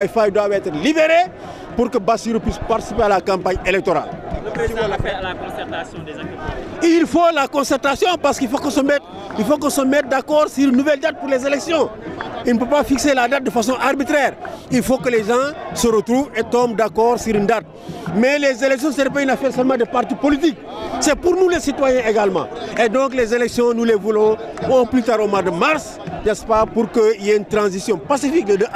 Il doivent être libérés pour que Bassirou puisse participer à la campagne électorale. Le président a fait la concertation des Il faut la concertation parce qu'il faut qu'on se mette, il faut qu'on se mette d'accord sur une nouvelle date pour les élections. Il ne peut pas fixer la date de façon arbitraire. Il faut que les gens se retrouvent et tombent d'accord sur une date. Mais les élections, ce n'est pas une affaire seulement de partis politiques. C'est pour nous les citoyens également. Et donc les élections, nous les voulons au plus tard au mois de mars, n'est-ce pour qu'il y ait une transition pacifique le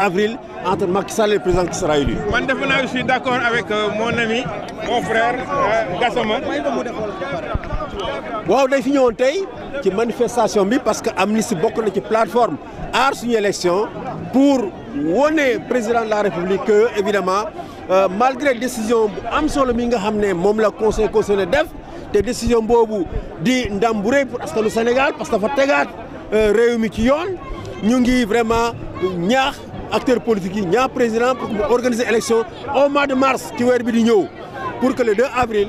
suis d'accord avec euh, mon ami mon frère euh, Gassama. waaw day fi ñëwoon tey ci manifestation bi parce que am si bokk na ci plateforme aar suñu élection pour wone président de la République que évidemment euh, malgré décision bu am solo mi nga xam ne moom la conseil constitutionnel def te décision boobu di ndam bu rëy pour askanu Sénégal parce que fa tegaat réew mi ci yoon ñu ngi vraiment ñaax. acteurs politiques yi ñaa président pour mu organiser mois de mars ci weer bi di ñëw pour que le 2 avril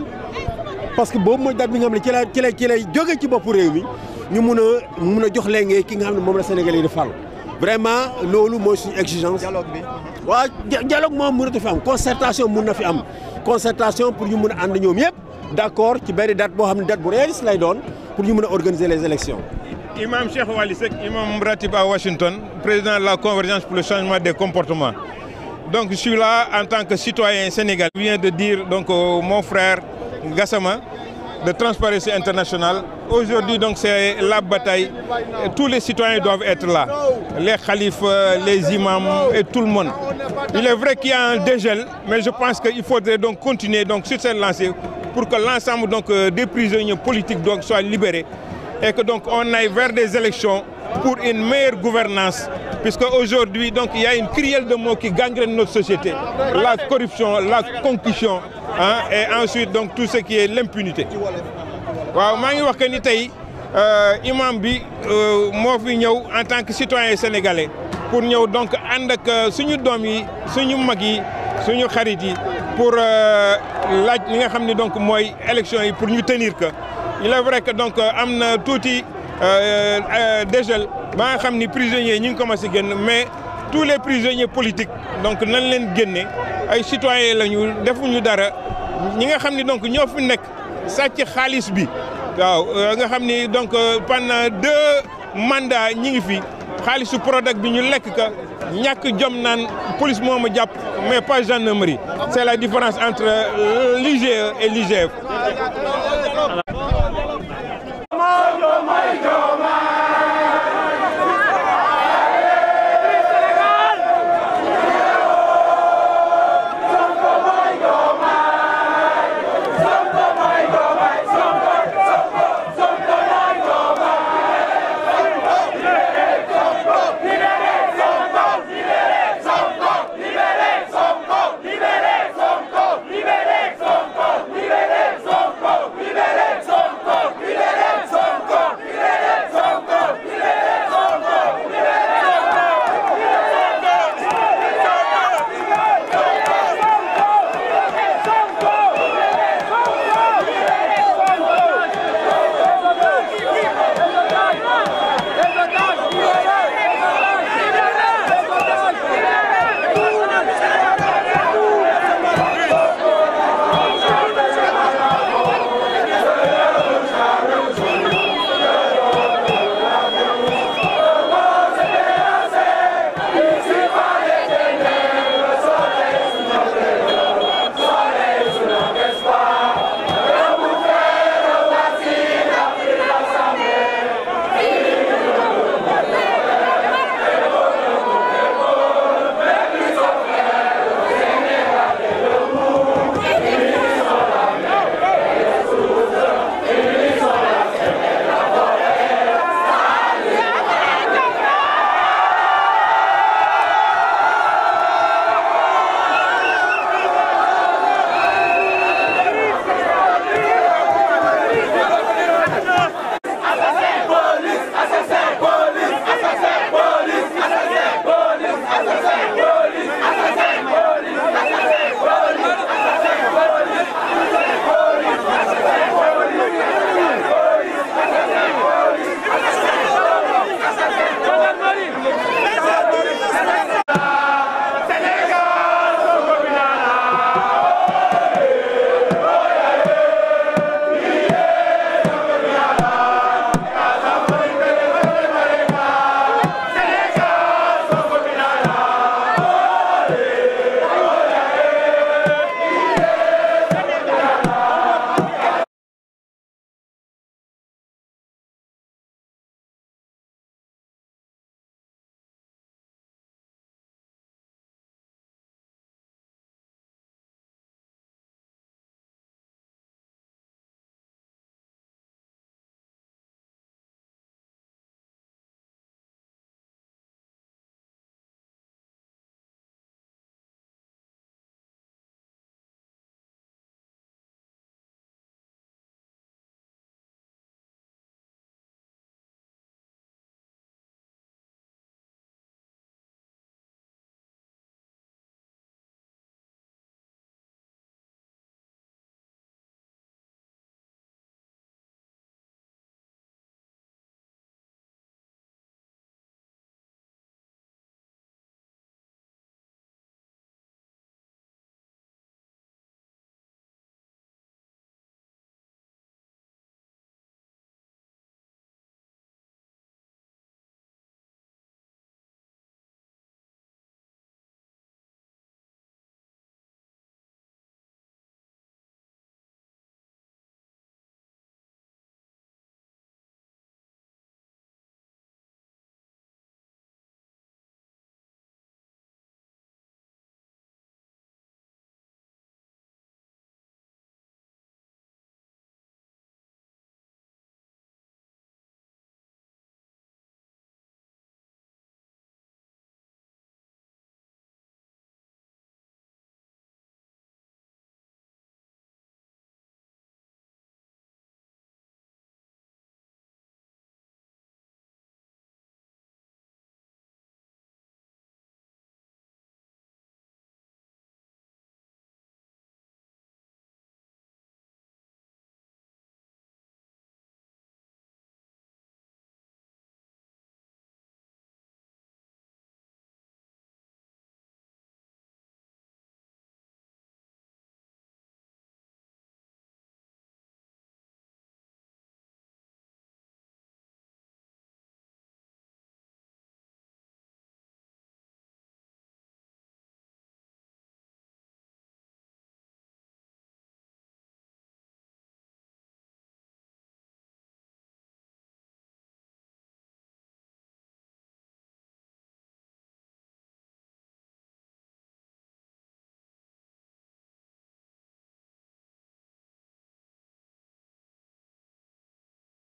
parce que boobu mooy date bi nga xam ne ci la ci la lay jóge ci boppu réew mi ñu mun a mun a jox léegi ki nga xam ne moom la Sénégalais yi di fal vraiment loolu mooy suñu exigence. dialogue bi waaw dialogue moom mënatu fi am concertation mun na fi am concertation pour ñu mun a ànd ñoom yëpp d' accord ci benn date boo xam ne date bu réaliste lay doon pour ñu mun a organiser les élections. Imam Cheikh Wali Seck imam ratib à Washington président de la convergence pour le changement des comportements donc je suis là en tant que citoyen sénégal je viens de dire donc euh, mon frère Gassama de Transparency International aujourd'hui donc c'est la bataille tous les citoyens doivent être là les khalifes les imams et tout le monde il est vrai qu'il y a un dégel mais je pense qu'il faudrait donc continuer donc sur cette lancée pour que l'ensemble donc euh, des prisonniers politiques donc et que donc on aille vers des élections pour une meilleure gouvernance, puisque aujourd'hui, donc, il y a une crielle de mots qui gangrène notre société. La corruption, la concussion, hein, et ensuite, donc, tout ce qui est l'impunité. waaw maa ngi wax que ni tey euh, imam bi euh, moo fi ñëw en tant que citoyen sénégalais pour ñëw donc ànd ak euh, suñu doom yi suñu mag yi suñu xarit yi pour laaj li nga xam ni donc mooy élection yi pour ñu tenir que il est vrai que donc euh, am na tuuti euh, euh, dégel ba nga xam ni prisonniers ñu ngi commencé génn mais tous les prisonniers politiques donc nañ leen génne ay citoyens la ñu defuñu dara ñi nga xam ni donc ñoo fi nekk sàcc xaalis bi waaw nga xam ni donc pendant deux mandats ñi ngi fi xaalisu Prodac bi ñu lekk ka ñàkk jom naan police moo ma jàpp. mais pas gendarmerie. C'est la différence entre euh, l'IGE et l'IGF.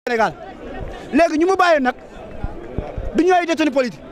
Sénégal léegi ñu mu bàyyi nag du ñu ay détenu politique